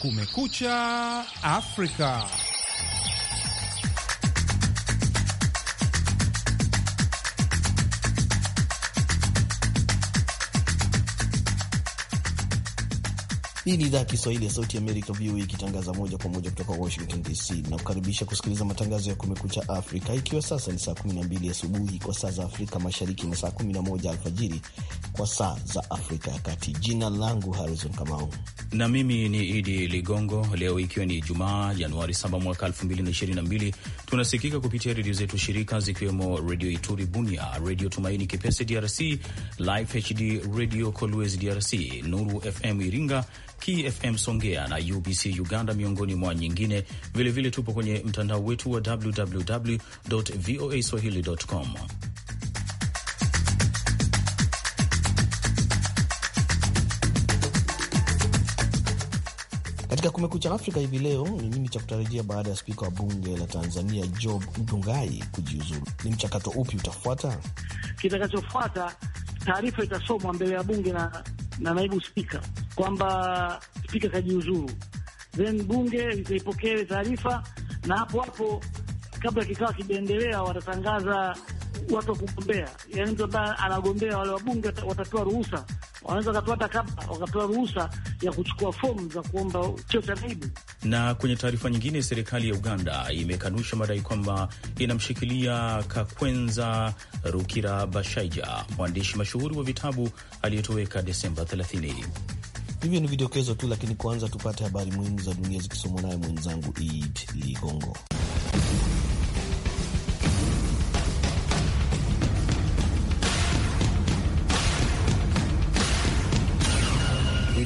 Kumekucha Afrika. Hii ni idhaa ya Kiswahili ya Sauti Amerika, VOA, ikitangaza moja kwa moja kutoka Washington DC na kukaribisha kusikiliza matangazo ya Kumekucha Afrika, ikiwa sasa ni saa 12 asubuhi kwa saa za Afrika Mashariki na saa 11 alfajiri kwa saa za Afrika ya Kati. Jina langu Harrison Kamau na mimi ni Idi Ligongo. Leo ikiwa ni jumaa Januari 7 mwaka 2022, tunasikika kupitia redio zetu shirika zikiwemo Redio Ituri Bunia, Redio Tumaini Kipese DRC, Live HD Radio Kolwezi DRC, Nuru FM Iringa, KFM Songea na UBC Uganda, miongoni mwa nyingine. Vilevile vile tupo kwenye mtandao wetu wa www voa swahili.com. Katika Kumekucha Afrika hivi leo, ni nini cha kutarajia baada ya spika wa bunge la Tanzania Job Ndugai kujiuzulu? Ni mchakato upi utafuata? Kitakachofuata, taarifa itasomwa mbele ya bunge na, na naibu spika kwamba spika kajiuzulu, then bunge litaipokea taarifa, na hapo hapo kabla kikao kijaendelea, watatangaza watu wa kugombea, yaani mtu ambaye anagombea, wale wabunge watapewa ruhusa wanaweza wakatoa hata wakapewa ruhusa ya kuchukua fomu za kuomba cheo cha naibu. Na kwenye taarifa nyingine, serikali ya Uganda imekanusha madai kwamba inamshikilia Kakwenza rukira bashaija mwandishi mashuhuri wa vitabu aliyetoweka Desemba 30. Hivyo ni vidokezo tu, lakini kwanza tupate habari muhimu za dunia zikisomwa naye mwenzangu Ed Ligongo.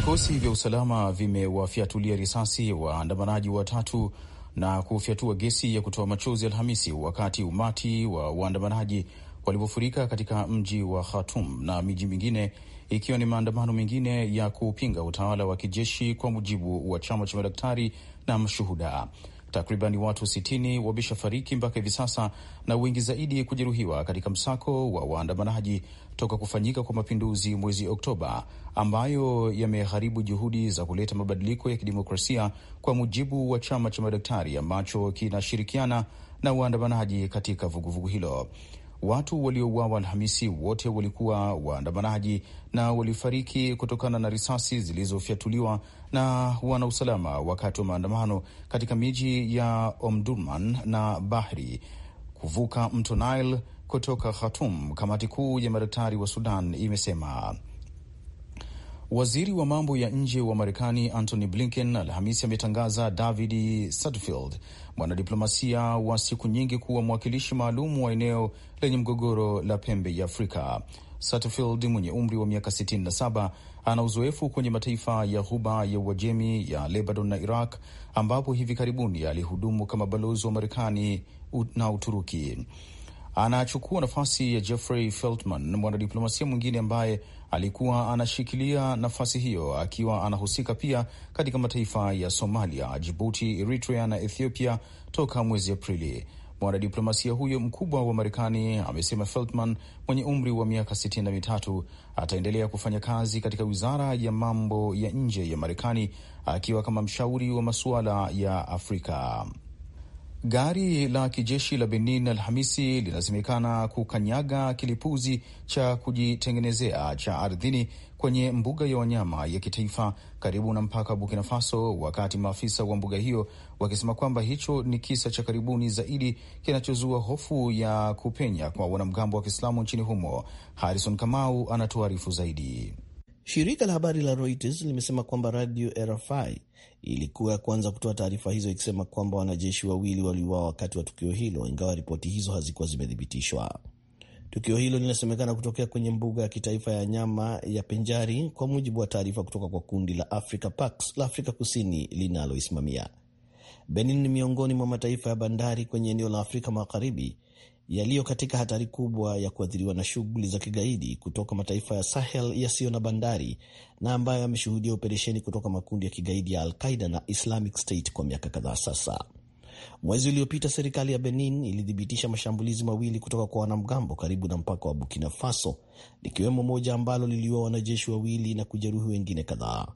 Vikosi vya usalama vimewafyatulia risasi waandamanaji watatu na kufyatua gesi ya kutoa machozi Alhamisi wakati umati wa waandamanaji walipofurika katika mji wa Khartoum na miji mingine, ikiwa ni maandamano mengine ya kupinga utawala wa kijeshi, kwa mujibu wa chama cha madaktari na mashuhuda. Takriban watu 60 wameshafariki mpaka hivi sasa na wengi zaidi kujeruhiwa katika msako wa waandamanaji toka kufanyika kwa mapinduzi mwezi Oktoba ambayo yameharibu juhudi za kuleta mabadiliko ya kidemokrasia, kwa mujibu wa chama cha madaktari ambacho kinashirikiana na waandamanaji katika vuguvugu hilo. Watu waliouawa Alhamisi wote walikuwa waandamanaji na walifariki kutokana na risasi zilizofyatuliwa na wanausalama wakati wa maandamano katika miji ya Omdurman na Bahri kuvuka mto Nile kutoka Khartoum, kamati kuu ya madaktari wa Sudan imesema. Waziri wa mambo ya nje wa Marekani Antony Blinken Alhamisi ametangaza David Satterfield, mwanadiplomasia wa siku nyingi, kuwa mwakilishi maalum wa eneo lenye mgogoro la pembe ya Afrika. Satterfield mwenye umri wa miaka 67 ana uzoefu kwenye mataifa ya Ghuba ya Uajemi ya Lebanon na Iraq, ambapo hivi karibuni alihudumu kama balozi wa Marekani na Uturuki. Anachukua nafasi ya Jeffrey Feltman, mwanadiplomasia mwingine ambaye alikuwa anashikilia nafasi hiyo akiwa anahusika pia katika mataifa ya Somalia, Jibuti, Eritrea na Ethiopia toka mwezi Aprili. Mwanadiplomasia huyo mkubwa wa Marekani amesema Feltman mwenye umri wa miaka sitini na mitatu ataendelea kufanya kazi katika wizara ya mambo ya nje ya Marekani akiwa kama mshauri wa masuala ya Afrika. Gari la kijeshi la Benin Alhamisi linasemekana kukanyaga kilipuzi cha kujitengenezea cha ardhini kwenye mbuga ya wanyama ya kitaifa karibu na mpaka wa Burkina Faso, wakati maafisa wa mbuga hiyo wakisema kwamba hicho ni kisa cha karibuni zaidi kinachozua hofu ya kupenya kwa wanamgambo wa Kiislamu nchini humo. harison Kamau anatuarifu zaidi. Shirika la habari la Reuters limesema kwamba radio RFI ilikuwa ya kwanza kutoa taarifa hizo ikisema kwamba wanajeshi wawili waliuawa wakati wa tukio hilo, ingawa ripoti hizo hazikuwa zimethibitishwa. Tukio hilo linasemekana kutokea kwenye mbuga ya kitaifa ya nyama ya Penjari, kwa mujibu wa taarifa kutoka kwa kundi la Africa Pax la Afrika Kusini linaloisimamia. Benin ni miongoni mwa mataifa ya bandari kwenye eneo la Afrika Magharibi yaliyo katika hatari kubwa ya kuathiriwa na shughuli za kigaidi kutoka mataifa ya Sahel yasiyo na bandari na ambayo yameshuhudia operesheni kutoka makundi ya kigaidi ya Al-Qaida na Islamic State kwa miaka kadhaa sasa. Mwezi uliopita serikali ya Benin ilithibitisha mashambulizi mawili kutoka kwa wanamgambo karibu na mpaka wa Burkina Faso, likiwemo moja ambalo liliua wanajeshi wawili na kujeruhi wengine kadhaa.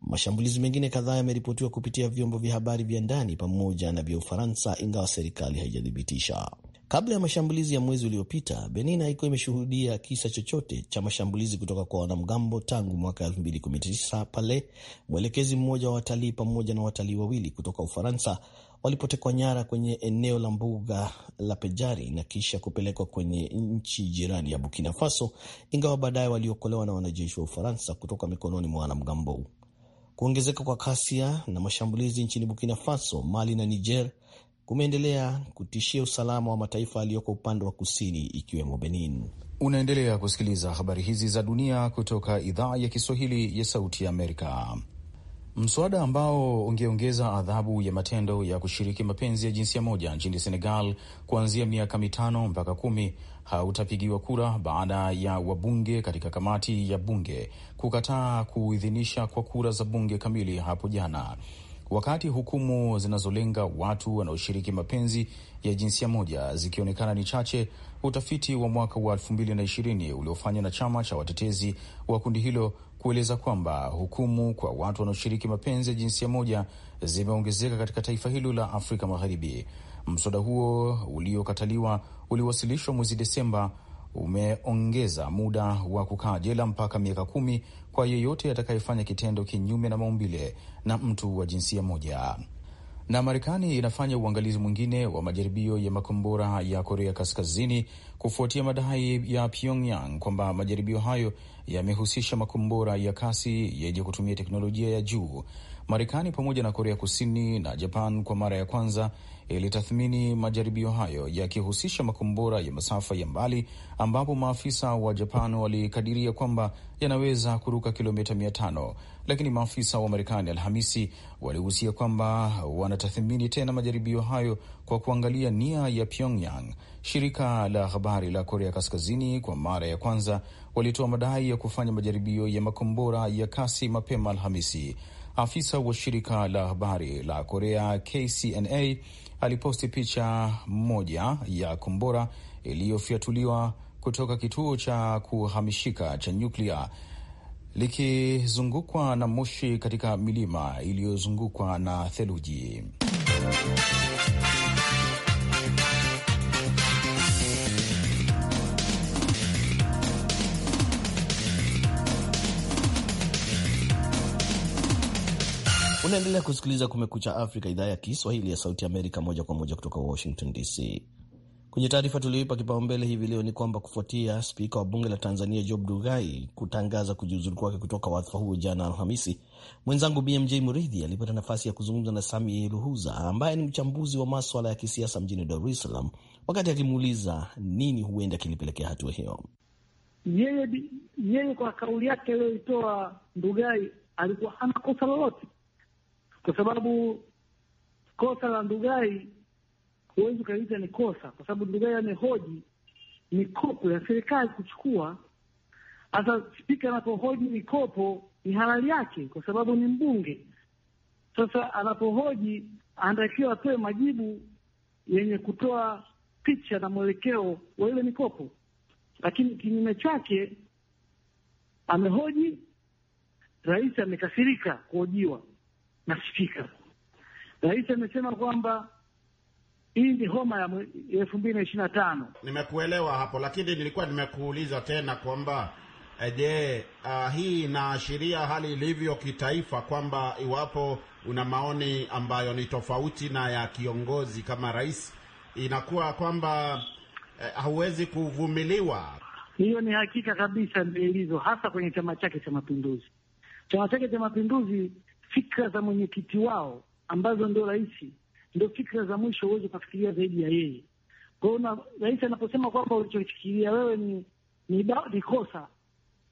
Mashambulizi mengine kadhaa yameripotiwa kupitia vyombo vya habari vya ndani pamoja na vya Ufaransa, ingawa serikali haijathibitisha. Kabla ya mashambulizi ya mwezi uliopita, Benin haikuwa imeshuhudia kisa chochote cha mashambulizi kutoka kwa wanamgambo tangu mwaka 2019 pale mwelekezi mmoja wa watalii pamoja na watalii wawili kutoka Ufaransa walipotekwa nyara kwenye eneo la mbuga la Pejari na kisha kupelekwa kwenye nchi jirani ya Burkina Faso, ingawa baadaye waliokolewa na wanajeshi wa Ufaransa kutoka mikononi mwa wanamgambo. Kuongezeka kwa kasia na mashambulizi nchini Burkina Faso, Mali na Niger kumeendelea kutishia usalama wa mataifa yaliyoko upande wa kusini ikiwemo Benin. Unaendelea kusikiliza habari hizi za dunia kutoka idhaa ya Kiswahili ya Sauti ya Amerika. Mswada ambao ungeongeza adhabu ya matendo ya kushiriki mapenzi ya jinsia moja nchini Senegal kuanzia miaka mitano mpaka kumi hautapigiwa kura baada ya wabunge katika kamati ya bunge kukataa kuidhinisha kwa kura za bunge kamili hapo jana wakati hukumu zinazolenga watu wanaoshiriki mapenzi ya jinsia moja zikionekana ni chache. Utafiti wa mwaka wa 2020 uliofanywa na chama cha watetezi wa kundi hilo kueleza kwamba hukumu kwa watu wanaoshiriki mapenzi ya jinsia moja zimeongezeka katika taifa hilo la Afrika Magharibi. Mswada huo uliokataliwa uliwasilishwa mwezi Desemba umeongeza muda wa kukaa jela mpaka miaka kumi kwa yeyote atakayefanya kitendo kinyume na maumbile na mtu wa jinsia moja. Na Marekani inafanya uangalizi mwingine wa majaribio ya makombora ya Korea Kaskazini kufuatia madai ya Pyongyang kwamba majaribio hayo yamehusisha makombora ya kasi yenye kutumia teknolojia ya juu. Marekani pamoja na Korea Kusini na Japan kwa mara ya kwanza ilitathmini majaribio hayo yakihusisha makombora ya masafa ya mbali, ambapo maafisa wa Japan walikadiria kwamba yanaweza kuruka kilomita mia tano, lakini maafisa wa Marekani Alhamisi walihusia kwamba wanatathmini tena majaribio hayo kwa kuangalia nia ya Pyongyang. Shirika la habari la Korea Kaskazini kwa mara ya kwanza walitoa madai ya kufanya majaribio ya makombora ya kasi mapema Alhamisi. Afisa wa shirika la habari la Korea KCNA aliposti picha moja ya kombora iliyofyatuliwa kutoka kituo cha kuhamishika cha nyuklia likizungukwa na moshi katika milima iliyozungukwa na theluji. Unaendelea kusikiliza Kumekucha Afrika, idhaa ya Kiswahili ya Sauti Amerika, moja kwa moja kutoka Washington DC. Kwenye taarifa tulioipa kipaumbele hivi leo ni kwamba kufuatia spika wa bunge la Tanzania Job Dugai kutangaza kujiuzulu kwake kutoka wadhifa huo jana Alhamisi, mwenzangu BMJ Muridhi alipata nafasi ya kuzungumza na Sami Ruhuza ambaye ni mchambuzi wa maswala ya kisiasa mjini Dar es Salaam, wakati akimuuliza nini huenda kilipelekea hatua hiyo. Yeye yeye kwa kauli yake aliyoitoa Ndugai alikuwa hana kosa lolote, kwa sababu kosa la Ndugai huwezi ukaliita ni kosa, kwa sababu Ndugai amehoji mikopo ya serikali kuchukua. hasa spika anapohoji mikopo ni halali yake, kwa sababu ni mbunge. Sasa anapohoji anatakiwa atoe majibu yenye kutoa picha na mwelekeo wa ile mikopo, lakini kinyume chake amehoji, rais amekasirika kuhojiwa maspika. Rais amesema kwamba hii ni homa ya elfu mbili na ishirini na tano. Nimekuelewa hapo, lakini nilikuwa nimekuuliza tena kwamba eh, je, uh, hii inaashiria hali ilivyo kitaifa kwamba iwapo una maoni ambayo ni tofauti na ya kiongozi kama rais, inakuwa kwamba uh, hauwezi kuvumiliwa. Hiyo ni hakika kabisa, ilivyo, hasa kwenye chama chake cha Mapinduzi. Chama chake cha Mapinduzi fikra za mwenyekiti wao ambazo ndio rais, ndio fikra za mwisho. Huwezi ukafikiria zaidi ya yeye. Kwa hiyo rais anaposema kwamba ulichofikiria wewe ni ni, ni kosa,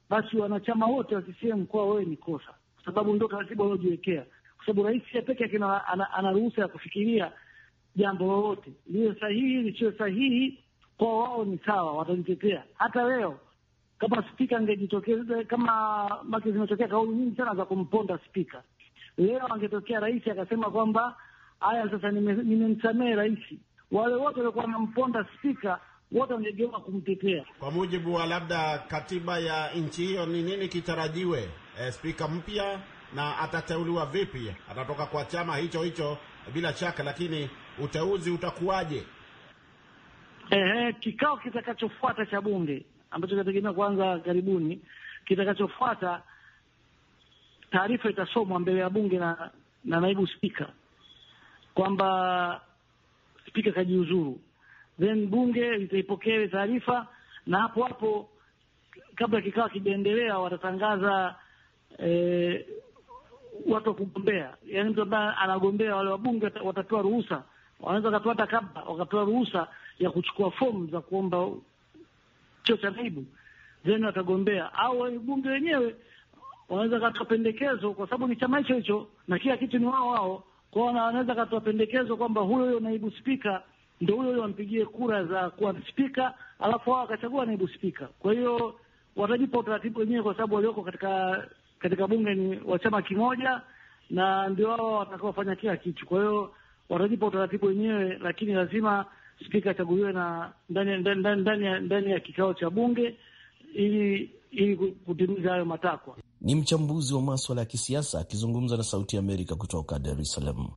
basi wanachama wote wa CCM kwa wewe ni kosa, kwa sababu ndio taratibu waliojiwekea, kwa sababu rais ya peke yake ana ruhusa ya kufikiria jambo lolote, liyo sahihi lisio sahihi, kwa wao ni sawa, watajitetea. Hata leo kama spika angejitokeza, kama make zimetokea kauli nyingi sana za kumponda spika Leo angetokea rais akasema kwamba haya sasa, nimemsamehe rais, wale wote walikuwa wanamponda spika wote wangegeuka kumtetea. Kwa mujibu wa labda katiba ya nchi hiyo, ni nini kitarajiwe? E, spika mpya na atateuliwa vipi? Atatoka kwa chama hicho hicho bila shaka, lakini uteuzi utakuwaje? Ehe, kikao kitakachofuata cha bunge ambacho kinategemea kwanza karibuni, kitakachofuata taarifa itasomwa mbele ya bunge na, na naibu spika kwamba spika kajiuzuru, then bunge litaipokea ile taarifa, na hapo hapo kabla kikao kijaendelea, watatangaza eh, watu wa kugombea, yaani mtu ambaye anagombea, wale wabunge watapewa ruhusa, wanaweza wakatoa hata kabla, wakapewa ruhusa ya kuchukua fomu za kuomba cheo cha naibu, then watagombea, au bunge wenyewe wanaweza katoa pendekezo, kwa sababu ni chama hicho hicho na kila kitu ni wao wao kwao, wanaweza katoa pendekezo kwamba huyo huyo naibu spika ndo huyo huyo wampigie kura za kuwa spika, alafu wao wakachagua naibu spika. Kwa hiyo watajipa utaratibu wenyewe, kwa sababu walioko katika katika bunge ni wa chama kimoja, na ndio wao watakaofanya kila kitu. Kwa hiyo watajipa utaratibu wenyewe, lakini lazima spika achaguliwe na ndani ndani ndani ya kikao cha bunge ili ili kutimiza hayo matakwa. Ni mchambuzi wa maswala ya kisiasa akizungumza na Sauti ya Amerika kutoka Dar es Salaam.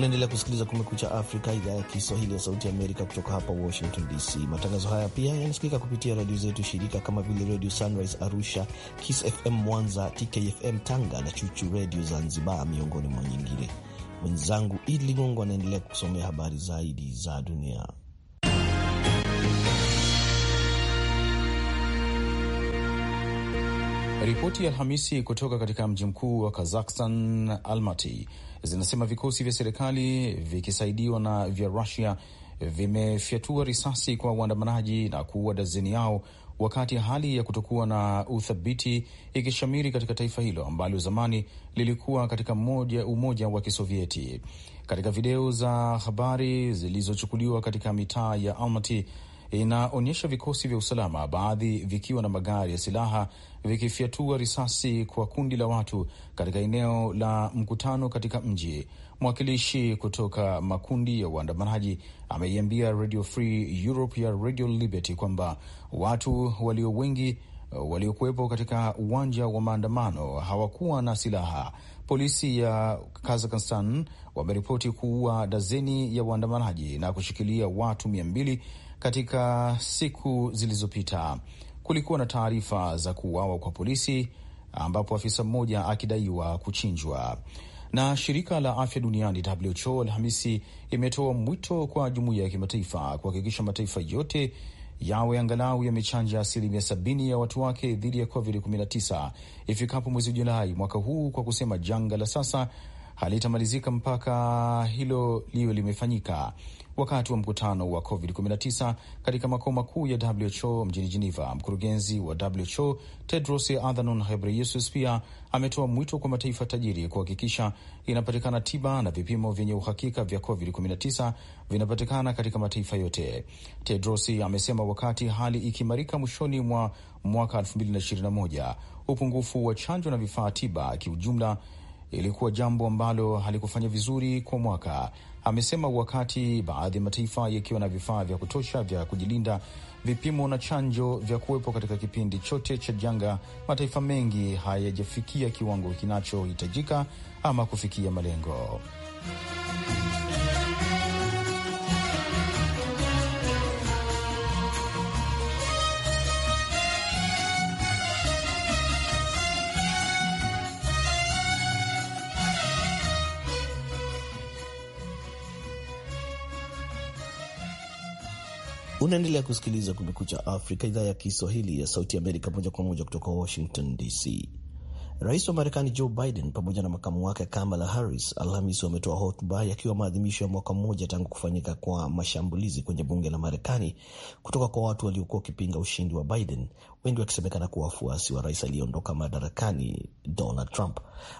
Unaendelea kusikiliza Kumekucha Afrika, idhaa ya Kiswahili ya Sauti Amerika kutoka hapa Washington DC. Matangazo haya pia yanasikika kupitia redio zetu shirika kama vile Redio Sunrise Arusha, Kiss FM Mwanza, TKFM Tanga na Chuchu Redio Zanzibar, miongoni mwa nyingine. Mwenzangu Idi Ligongo anaendelea kusomea habari zaidi za dunia. Ripoti ya Alhamisi kutoka katika mji mkuu wa Kazakhstan, Almaty, zinasema vikosi vya serikali vikisaidiwa na vya Rusia vimefyatua risasi kwa waandamanaji na kuua dazeni yao, wakati hali ya kutokuwa na uthabiti ikishamiri katika taifa hilo ambalo zamani lilikuwa katika moja umoja wa Kisovieti. Katika video za habari zilizochukuliwa katika mitaa ya Almaty, inaonyesha vikosi vya usalama, baadhi vikiwa na magari ya silaha, vikifyatua risasi kwa kundi la watu katika eneo la mkutano katika mji. Mwakilishi kutoka makundi ya uandamanaji ameiambia Radio Free Europe ya Radio Liberty kwamba watu walio wengi waliokuwepo katika uwanja wa maandamano hawakuwa na silaha. Polisi ya Kazakhstan wameripoti kuua dazeni ya waandamanaji na kushikilia watu mia mbili katika siku zilizopita kulikuwa na taarifa za kuuawa kwa polisi, ambapo afisa mmoja akidaiwa kuchinjwa. Na shirika la afya duniani WHO Alhamisi imetoa mwito kwa jumuiya ya kimataifa kuhakikisha mataifa yote yawe angalau yamechanja asilimia sabini ya watu wake dhidi ya COVID-19 ifikapo mwezi Julai mwaka huu, kwa kusema janga la sasa halitamalizika mpaka hilo liwe limefanyika wakati wa mkutano wa COVID-19 katika makao makuu ya WHO mjini Geneva. Mkurugenzi wa WHO Tedros Adhanom Ghebreyesus pia ametoa mwito kwa mataifa tajiri kuhakikisha inapatikana tiba na vipimo vyenye uhakika vya COVID-19 vinapatikana katika mataifa yote. Tedros amesema wakati hali ikiimarika mwishoni mwa mwaka 2021 upungufu wa chanjo na vifaa tiba kiujumla ilikuwa jambo ambalo halikufanya vizuri kwa mwaka, amesema. Wakati baadhi ya mataifa yakiwa na vifaa vya kutosha vya kujilinda, vipimo na chanjo vya kuwepo katika kipindi chote cha janga, mataifa mengi hayajafikia kiwango kinachohitajika ama kufikia malengo. Unaendelea kusikiliza Kumekucha Afrika, idhaa ya Kiswahili ya Sauti Amerika, moja kwa moja kutoka Washington DC. Rais wa Marekani Joe Biden pamoja na makamu wake Kamala Harris Alhamis wametoa hotuba yakiwa maadhimisho ya mwaka mmoja tangu kufanyika kwa mashambulizi kwenye bunge la Marekani kutoka kwa watu waliokuwa wakipinga ushindi wa Biden, wengi wakisemekana kuwa wafuasi wa rais aliyeondoka madarakani Donald Trump.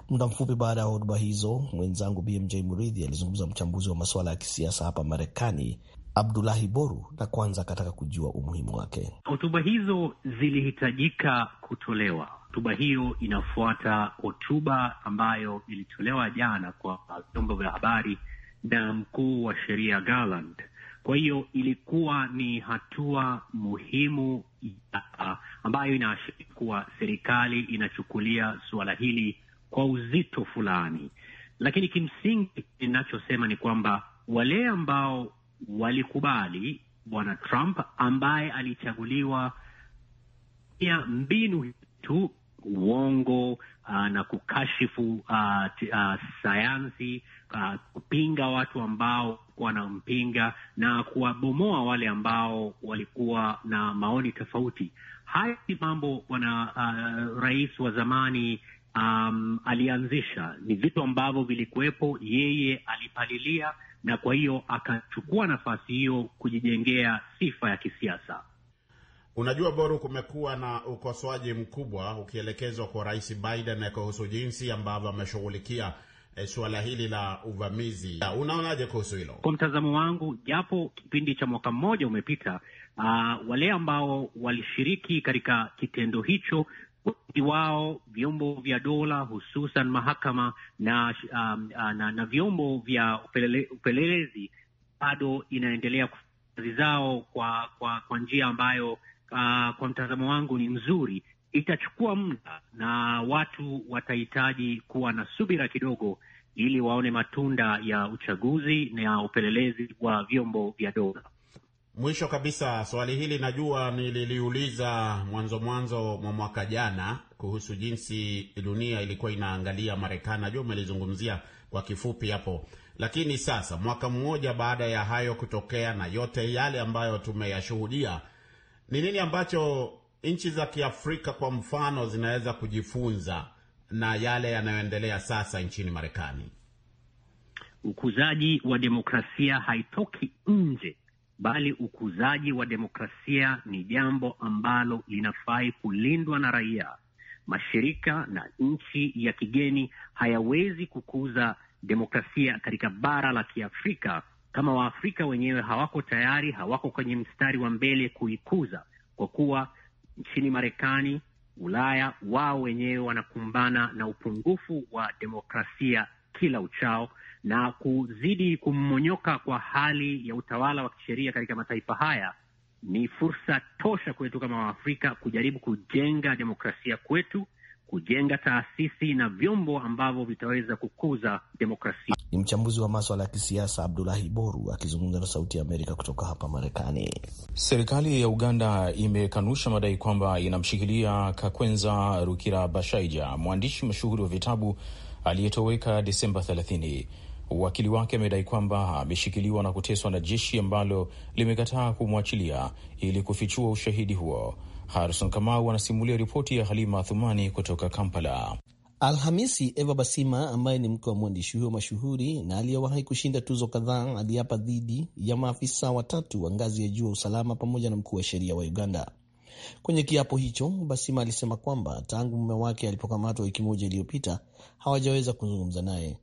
Muda mfupi baada ya hotuba hizo, mwenzangu BMJ Muridhi alizungumza mchambuzi wa masuala ya kisiasa hapa Marekani Abdulahi Boru, na kwanza akataka kujua umuhimu wake. Hotuba hizo zilihitajika kutolewa. Hotuba hiyo inafuata hotuba ambayo ilitolewa jana kwa vyombo vya habari na mkuu wa sheria Garland. Kwa hiyo ilikuwa ni hatua muhimu ambayo inaashiria kuwa serikali inachukulia suala hili kwa uzito fulani, lakini kimsingi inachosema ni kwamba wale ambao walikubali bwana Trump ambaye alichaguliwa ya mbinu tu uongo uh, na kukashifu uh, uh, sayansi uh, kupinga watu ambao wanampinga na kuwabomoa wale ambao walikuwa na maoni tofauti. Haya ni mambo bwana uh, rais wa zamani um, alianzisha. Ni vitu ambavyo vilikuwepo, yeye alipalilia na kwa hiyo akachukua nafasi hiyo kujijengea sifa ya kisiasa. Unajua, Boru, kumekuwa na ukosoaji mkubwa ukielekezwa kwa Rais Biden kuhusu jinsi ambavyo ameshughulikia e, suala hili la uvamizi. Unaonaje kuhusu hilo? Kwa mtazamo wangu, japo kipindi cha mwaka mmoja umepita, uh, wale ambao walishiriki katika kitendo hicho wengi wao vyombo vya dola hususan mahakama na, um, uh, na, na vyombo vya upelele, upelelezi bado inaendelea kazi zao kwa, kwa, kwa njia ambayo uh, kwa mtazamo wangu ni mzuri. Itachukua muda na watu watahitaji kuwa na subira kidogo ili waone matunda ya uchaguzi na upelelezi wa vyombo vya dola. Mwisho kabisa, swali hili najua nililiuliza mwanzo mwanzo mwa mwaka jana kuhusu jinsi dunia ilikuwa inaangalia Marekani. Najua umelizungumzia kwa kifupi hapo, lakini sasa mwaka mmoja baada ya hayo kutokea na yote yale ambayo tumeyashuhudia, ni nini ambacho nchi za Kiafrika kwa mfano zinaweza kujifunza na yale yanayoendelea sasa nchini Marekani? Ukuzaji wa demokrasia haitoki nje bali ukuzaji wa demokrasia ni jambo ambalo linafai kulindwa na raia. Mashirika na nchi ya kigeni hayawezi kukuza demokrasia katika bara la Kiafrika kama Waafrika wenyewe hawako tayari, hawako kwenye mstari wa mbele kuikuza, kwa kuwa nchini Marekani, Ulaya, wao wenyewe wanakumbana na upungufu wa demokrasia kila uchao na kuzidi kumonyoka kwa hali ya utawala wa kisheria katika mataifa haya ni fursa tosha kwetu kama Waafrika kujaribu kujenga demokrasia kwetu, kujenga taasisi na vyombo ambavyo vitaweza kukuza demokrasia. Ni mchambuzi wa maswala ya kisiasa Abdulahi Boru akizungumza na Sauti ya Amerika kutoka hapa Marekani. Serikali ya Uganda imekanusha madai kwamba inamshikilia Kakwenza Rukira Bashaija, mwandishi mashuhuri wa vitabu aliyetoweka Desemba 30. Wakili wake amedai kwamba ameshikiliwa na kuteswa na jeshi ambalo limekataa kumwachilia ili kufichua ushahidi huo. Harison Kamau anasimulia ripoti ya Halima Athumani kutoka Kampala. Alhamisi, Eva Basima ambaye ni mke wa mwandishi huyo mashuhuri na aliyewahi kushinda tuzo kadhaa aliapa dhidi ya maafisa watatu wa ngazi ya juu wa usalama pamoja na mkuu wa sheria wa Uganda. Kwenye kiapo hicho, Basima alisema kwamba tangu mume wake alipokamatwa wiki moja iliyopita hawajaweza kuzungumza naye.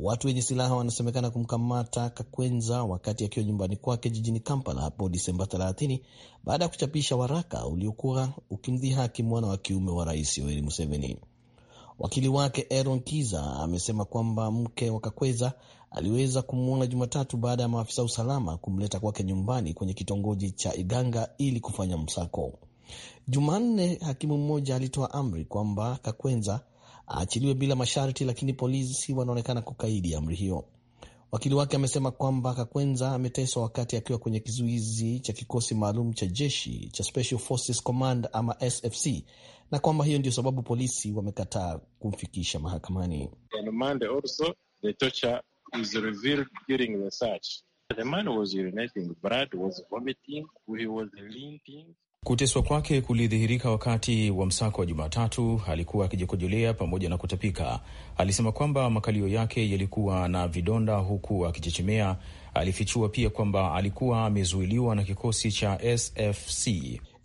Watu wenye silaha wanasemekana kumkamata Kakwenza wakati akiwa nyumbani kwake jijini Kampala hapo Disemba 30 baada ya kuchapisha waraka uliokuwa ukimdhihaki mwana wa kiume wa rais Yoweri Museveni. Wakili wake Aaron Kiza amesema kwamba mke wa Kakweza aliweza kumwona Jumatatu baada ya maafisa usalama kumleta kwake nyumbani kwenye kitongoji cha Iganga ili kufanya msako. Jumanne hakimu mmoja alitoa amri kwamba Kakwenza aachiliwe bila masharti, lakini polisi wanaonekana kukaidi amri hiyo. Wakili wake amesema kwamba Kakwenza ameteswa wakati akiwa kwenye kizuizi cha kikosi maalum cha jeshi cha Special Forces Command ama SFC na kwamba hiyo ndio sababu polisi wamekataa kumfikisha mahakamani. The man was urinating, blood was vomiting, he was Kuteswa kwake kulidhihirika wakati wa msako wa Jumatatu. Alikuwa akijikojolea pamoja na kutapika. Alisema kwamba makalio yake yalikuwa na vidonda huku akichechemea. Alifichua pia kwamba alikuwa amezuiliwa na kikosi cha SFC.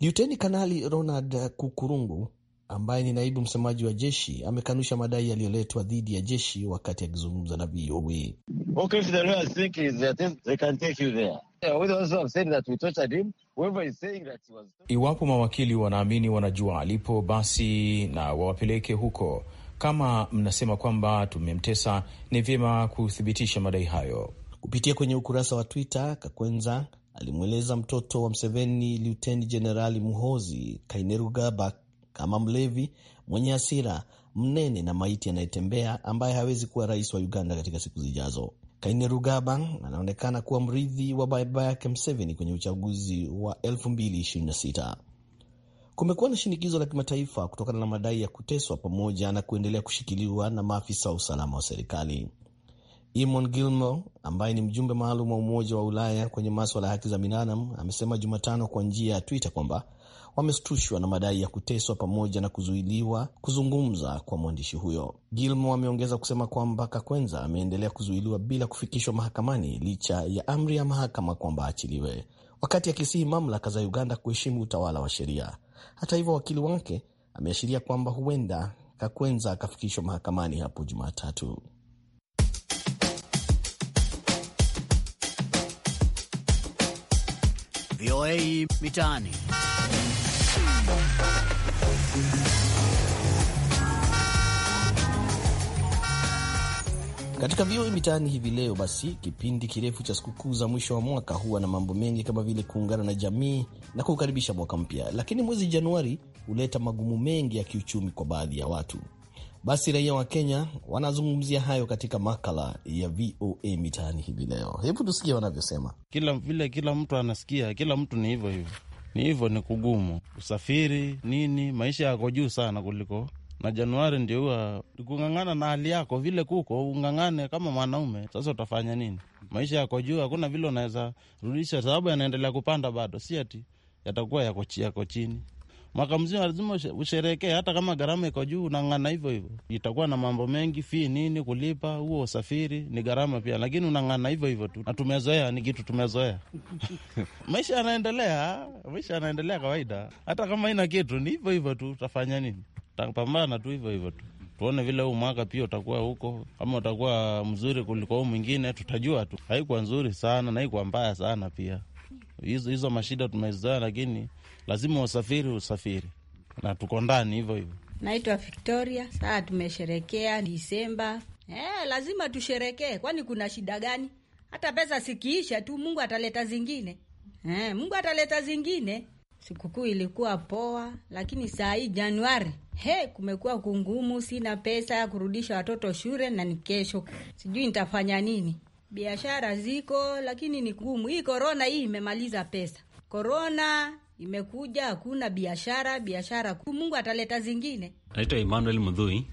Luteni Kanali Ronald Kukurungu ambaye ni naibu msemaji wa jeshi amekanusha madai yaliyoletwa dhidi ya jeshi wakati akizungumza na VOA. Okay, if the lawyers think he's there, they can take you there. Iwapo mawakili wanaamini wanajua alipo, basi na wawapeleke huko. Kama mnasema kwamba tumemtesa, ni vyema kuthibitisha madai hayo. Kupitia kwenye ukurasa wa Twitter, Kakwenza alimweleza mtoto wa Mseveni, Luteni Jenerali Muhozi Kainerugaba, kama mlevi mwenye hasira, mnene na maiti anayetembea, ambaye hawezi kuwa rais wa Uganda katika siku zijazo. Kainerugaba anaonekana kuwa mrithi wa baba yake mseveni kwenye uchaguzi wa 2026. Kumekuwa na shinikizo la kimataifa kutokana na madai ya kuteswa pamoja na kuendelea kushikiliwa na maafisa wa usalama wa serikali. Eamon Gilmore ambaye ni mjumbe maalum wa Umoja wa Ulaya kwenye maswala ya haki za binadamu amesema Jumatano kwa njia ya Twitter kwamba wameshtushwa na madai ya kuteswa pamoja na kuzuiliwa kuzungumza kwa mwandishi huyo. Gilmore ameongeza kusema kwamba Kakwenza ameendelea kuzuiliwa bila kufikishwa mahakamani licha ya amri ya mahakama kwamba aachiliwe wakati akisihi mamlaka za Uganda kuheshimu utawala wa sheria. Hata hivyo, wakili wake ameashiria kwamba huenda Kakwenza akafikishwa mahakamani hapo Jumatatu. VOA Mitaani. Katika VOA Mitaani hivi leo, basi kipindi kirefu cha sikukuu za mwisho wa mwaka huwa na mambo mengi kama vile kuungana na jamii na kuukaribisha mwaka mpya, lakini mwezi Januari huleta magumu mengi ya kiuchumi kwa baadhi ya watu. Basi raia wa Kenya wanazungumzia hayo katika makala ya VOA Mitaani hivi leo. Hebu tusikie wanavyosema. Kila vile kila mtu anasikia, kila mtu ni hivyo hivyo, ni hivyo, ni kugumu usafiri nini, maisha yako juu sana kuliko na Januari ndio huwa kung'ang'ana na hali yako vile kuko ung'ang'ane kama mwanaume. Sasa utafanya nini? Maisha yako juu, hakuna vile unaweza rudisha, sababu yanaendelea kupanda bado, si ati yatakuwa yako chini mwaka mzima lazima usherekee, hata kama gharama iko juu, unang'ana hivyo hivyo. Itakuwa na mambo mengi, fii nini kulipa, huo usafiri ni gharama pia, lakini unang'ana hivyo hivyo tu, na tumezoea, ni kitu tumezoea. maisha yanaendelea, maisha yanaendelea kawaida, hata kama ina kitu ni hivyo hivyo tu. Utafanya nini? Utapambana tu hivyo hivyo tu tuone vile huu mwaka pia utakuwa huko, kama utakuwa mzuri kuliko huu mwingine, tutajua tu. Haikuwa nzuri sana na haikuwa mbaya sana pia, hizo hizo mashida tumezoea, lakini lazima usafiri, usafiri na tuko ndani hivyo hivyo. Naitwa Victoria. Saa tumesherekea Disemba eh, lazima tusherekee, kwani kuna shida gani? Hata pesa sikiisha tu Mungu ataleta zingine eh, Mungu ataleta zingine. Sikukuu ilikuwa poa, lakini saa hii Januari he, kumekuwa kungumu. Sina pesa ya kurudisha watoto shule na ni kesho, sijui nitafanya nini. Biashara ziko lakini ni ngumu. Hii korona hii imemaliza pesa. Korona imekuja, hakuna biashara biashara, Mungu ataleta zingine. Naitwa Emmanuel Mdhui.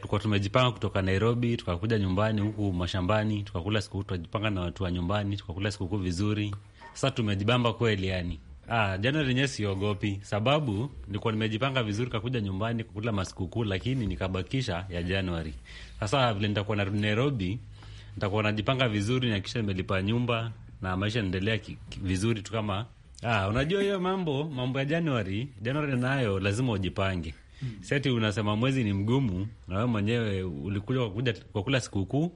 Tukuwa tumejipanga kutoka Nairobi, tukakuja nyumbani huku mashambani, tukakula sikukuu, tukajipanga na watu wa nyumbani, tukakula sikukuu vizuri. Sasa tumejibamba kweli, yani ah, Januari yenyewe siogopi, sababu nilikuwa nimejipanga vizuri, kakuja nyumbani kukula masikukuu, lakini nikabakisha ya Januari. Sasa vile nitakuwa na Nairobi, nitakuwa najipanga vizuri, nakisha nimelipa nyumba na maisha naendelea vizuri tu kama Ah, unajua hiyo mambo mambo ya Januari, Januari nayo lazima ujipange. Hmm. Seti unasema mwezi ni mgumu na wewe mwenyewe ulikuja kwa kwa kula sikukuu.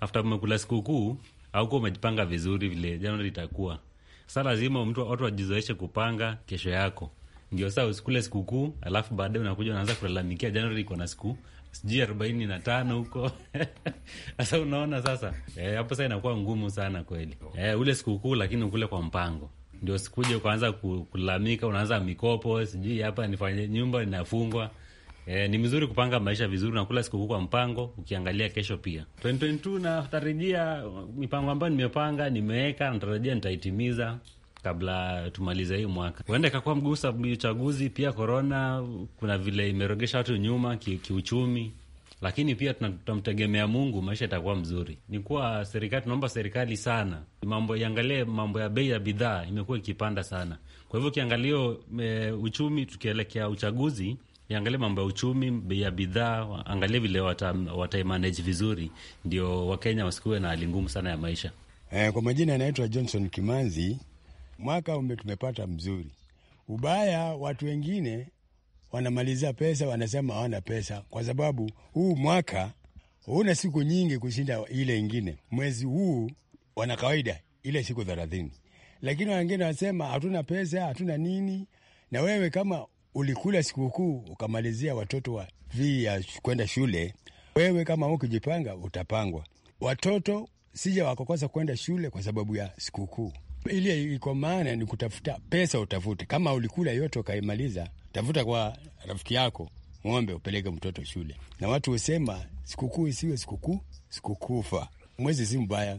After umekula sikukuu hauko umejipanga vizuri vile Januari itakuwa. Sasa lazima mtu watu wajizoeshe kupanga kesho yako. Ndio sasa usikule sikukuu, alafu baadaye unakuja unaanza kulalamikia Januari iko na siku sijui arobaini na tano huko sasa unaona sasa eh, hapo e, sasa inakuwa ngumu sana kweli e, ule sikukuu lakini ukule kwa mpango ndio sikuja ukaanza kulalamika, unaanza mikopo, sijui hapa nifanye nyumba inafungwa. E, eh, ni mzuri kupanga maisha vizuri na kula sikukuu kwa mpango, ukiangalia kesho pia 2022 natarajia uh, mipango ambayo nimepanga nimeweka, natarajia nitaitimiza kabla tumalize hii mwaka. Huenda ikakuwa mgumu sababu uchaguzi, pia korona, kuna vile imerogesha watu nyuma ki, kiuchumi lakini pia tutamtegemea Mungu, maisha itakuwa mzuri. Ni kuwa serikali, tunaomba serikali sana mambo iangalie, mambo ya bei ya bidhaa imekuwa ikipanda sana. Kwa hivyo ukiangalia e, eh, uchumi tukielekea uchaguzi iangalie mambo ya uchumi, bei ya bidhaa, angalie vile wataimanage wata vizuri, ndio Wakenya wasikuwe na hali ngumu sana ya maisha. Eh, kwa majina anaitwa Johnson Kimanzi. Mwaka ume tumepata mzuri, ubaya watu wengine wanamalizia pesa, wanasema hawana pesa, kwa sababu huu mwaka huna siku nyingi kushinda ile ingine. Mwezi huu wana kawaida ile siku thelathini, lakini wengine wanasema hatuna pesa, hatuna nini. Na wewe kama ulikula sikukuu ukamalizia watoto wa vii ya kwenda shule, wewe kama ukijipanga utapangwa. Watoto sija wakakosa kwenda shule kwa sababu ya sikukuu ili iko maana ni kutafuta pesa, utafute kama ulikula yote ukaimaliza, tafuta kwa rafiki yako ng'ombe upeleke mtoto shule. Na watu husema sikukuu isiwe sikukuu, sikukufa mwezi si mbaya,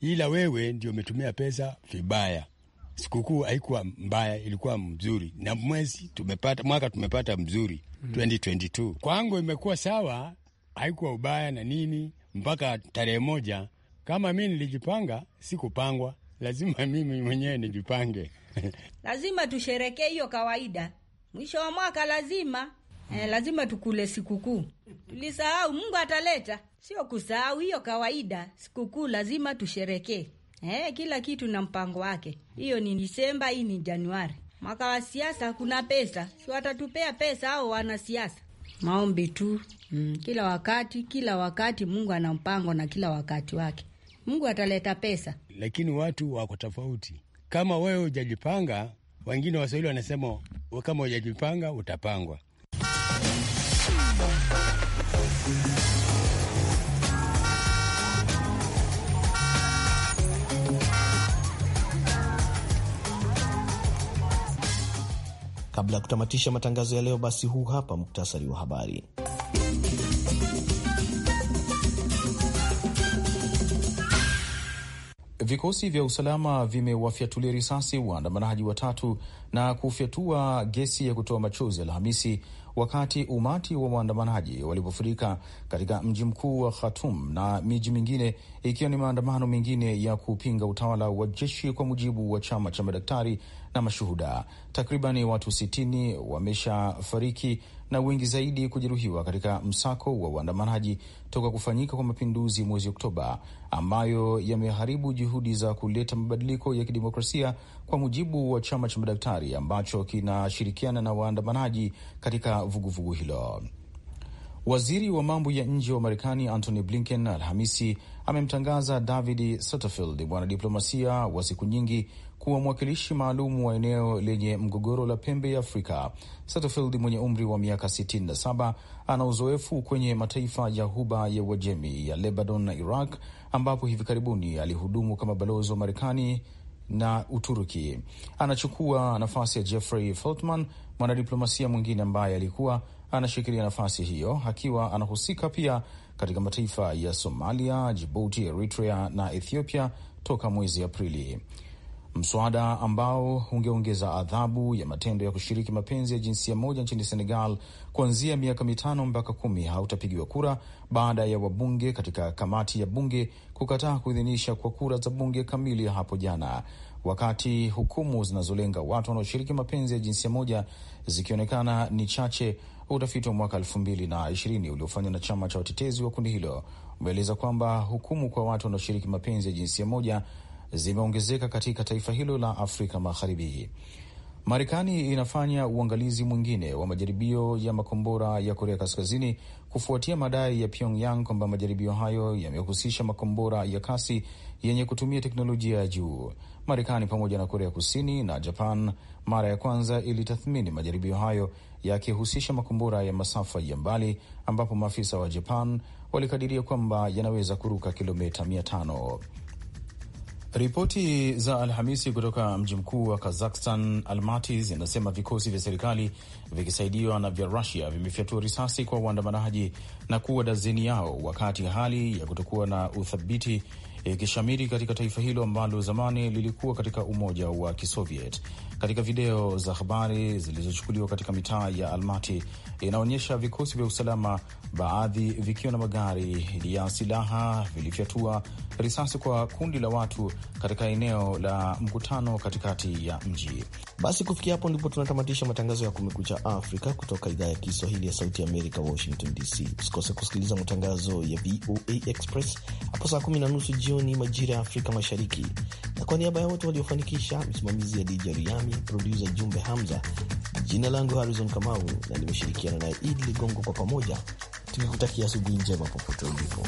ila wewe ndio umetumia pesa vibaya. Sikukuu haikuwa mbaya, ilikuwa mzuri, na mwezi tumepata, mwaka tumepata mzuri 2022 hmm. kwangu imekuwa sawa, haikuwa ubaya na nini, mpaka tarehe moja. Kama mi nilijipanga, sikupangwa lazima mimi mwenyewe nijipange. lazima tusherekee hiyo kawaida, mwisho wa mwaka lazima eh, lazima tukule sikukuu. Tulisahau, Mungu ataleta, sio kusahau hiyo kawaida. Sikukuu lazima tusherekee. Eh, kila kitu na mpango wake. Hiyo ni Disemba, hii ni Januari. Mwaka wa siasa kuna pesa, si watatupea pesa au wanasiasa? Maombi tu mm. Kila wakati, kila wakati Mungu ana mpango na kila wakati wake. Mungu ataleta pesa, lakini watu wako tofauti. Kama wewe hujajipanga, wengine Waswahili wanasema kama hujajipanga utapangwa. Kabla ya kutamatisha matangazo ya leo, basi huu hapa muktasari wa habari. Vikosi vya usalama vimewafyatulia risasi waandamanaji watatu na kufyatua gesi ya kutoa machozi Alhamisi wakati umati wa waandamanaji walipofurika katika mji mkuu wa Khartoum na miji mingine, ikiwa ni maandamano mengine ya kupinga utawala wa jeshi, kwa mujibu wa chama cha madaktari na mashuhuda. Takribani watu sitini wameshafariki na wengi zaidi kujeruhiwa katika msako wa uandamanaji toka kufanyika kwa mapinduzi mwezi Oktoba, ambayo yameharibu juhudi za kuleta mabadiliko ya kidemokrasia, kwa mujibu wa chama cha madaktari ambacho kinashirikiana na waandamanaji katika vuguvugu hilo. Waziri wa mambo ya nje wa Marekani Antony Blinken Alhamisi amemtangaza David Satterfield mwanadiplomasia wa siku nyingi kuwa mwakilishi maalum wa eneo lenye mgogoro la pembe ya Afrika. Satterfield mwenye umri wa miaka 67 ana uzoefu kwenye mataifa ya huba ya Uajemi ya Lebanon na Iraq, ambapo hivi karibuni alihudumu kama balozi wa Marekani na Uturuki. Anachukua nafasi ya Jeffrey Feltman, mwanadiplomasia mwingine ambaye alikuwa anashikilia nafasi hiyo, akiwa anahusika pia katika mataifa ya Somalia, Jibuti, Eritrea na Ethiopia toka mwezi Aprili mswada ambao ungeongeza adhabu ya matendo ya kushiriki mapenzi ya jinsia moja nchini Senegal kuanzia miaka mitano mpaka kumi hautapigiwa kura baada ya wabunge katika kamati ya bunge kukataa kuidhinisha kwa kura za bunge kamili hapo jana, wakati hukumu zinazolenga watu wanaoshiriki mapenzi ya jinsia moja zikionekana ni chache. Utafiti wa mwaka elfu mbili na ishirini uliofanywa na chama cha watetezi wa kundi hilo umeeleza kwamba hukumu kwa watu wanaoshiriki mapenzi ya jinsia moja zimeongezeka katika taifa hilo la Afrika Magharibi. Marekani inafanya uangalizi mwingine wa majaribio ya makombora ya Korea Kaskazini kufuatia madai ya Pyongyang kwamba majaribio hayo yamehusisha makombora ya kasi yenye kutumia teknolojia ya juu. Marekani pamoja na Korea Kusini na Japan mara ya kwanza ilitathmini majaribio hayo yakihusisha makombora ya masafa ya mbali, ambapo maafisa wa Japan walikadiria kwamba yanaweza kuruka kilomita mia tano. Ripoti za Alhamisi kutoka mji mkuu wa Kazakhstan, almati zinasema vikosi vya serikali vikisaidiwa na vya Rusia vimefyatua risasi kwa waandamanaji na kuwa dazeni yao, wakati hali ya kutokuwa na uthabiti ikishamiri katika taifa hilo ambalo zamani lilikuwa katika Umoja wa Kisoviet. Katika video za habari zilizochukuliwa katika mitaa ya Almati, inaonyesha vikosi vya usalama, baadhi vikiwa na magari ya silaha, vilifyatua risasi kwa kundi la watu katika eneo la mkutano katikati ya mji. Basi kufikia hapo ndipo tunatamatisha matangazo ya Kumekucha Afrika kutoka idhaa ya Kiswahili ya Sauti ya Amerika, Washington DC. Usikose kusikiliza matangazo ya VOA Express hapo saa kumi na nusu jioni majira ya Afrika Mashariki. Na kwa niaba ya wote waliofanikisha, msimamizi ya DJ Riami, produsa Jumbe Hamza, jina langu Harrison Kamau na nimeshirikiana naye Idi Ligongo, kwa pamoja tukikutakia asubuhi njema popote ulipo.